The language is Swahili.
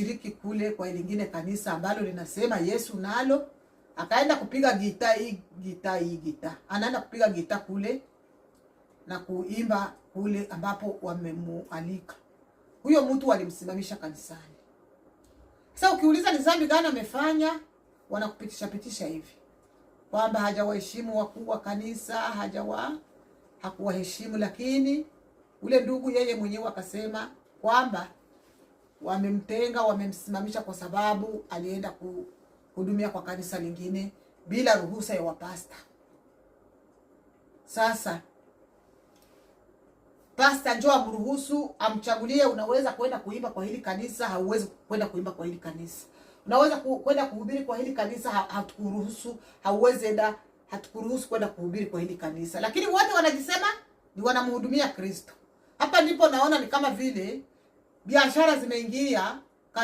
kushiriki kule kwa lingine kanisa ambalo linasema Yesu nalo, akaenda kupiga gita hii gita hii gita, anaenda kupiga gita kule na kuimba kule ambapo wamemualika. Huyo mtu walimsimamisha kanisani. Sasa ukiuliza ni dhambi gani amefanya, wanakupitisha pitisha hivi kwamba hajawaheshimu wakuu wa kanisa, hajawa hakuwaheshimu, lakini ule ndugu yeye mwenyewe akasema kwamba wamemtenga, wamemsimamisha kwa sababu alienda kuhudumia kwa kanisa lingine bila ruhusa ya wapasta. Sasa pasta njoo amruhusu, amchagulie, unaweza kwenda kuimba kwa hili kanisa, hauwezi kwenda kuimba kwa hili kanisa. Unaweza kwenda kuhubiri kwa hili kanisa, hatukuruhusu, hauwezi enda, hatukuruhusu kwenda kuhubiri kwa hili kanisa, lakini wote wanajisema ni wanamhudumia Kristo. Hapa ndipo naona ni kama vile biashara zimeingia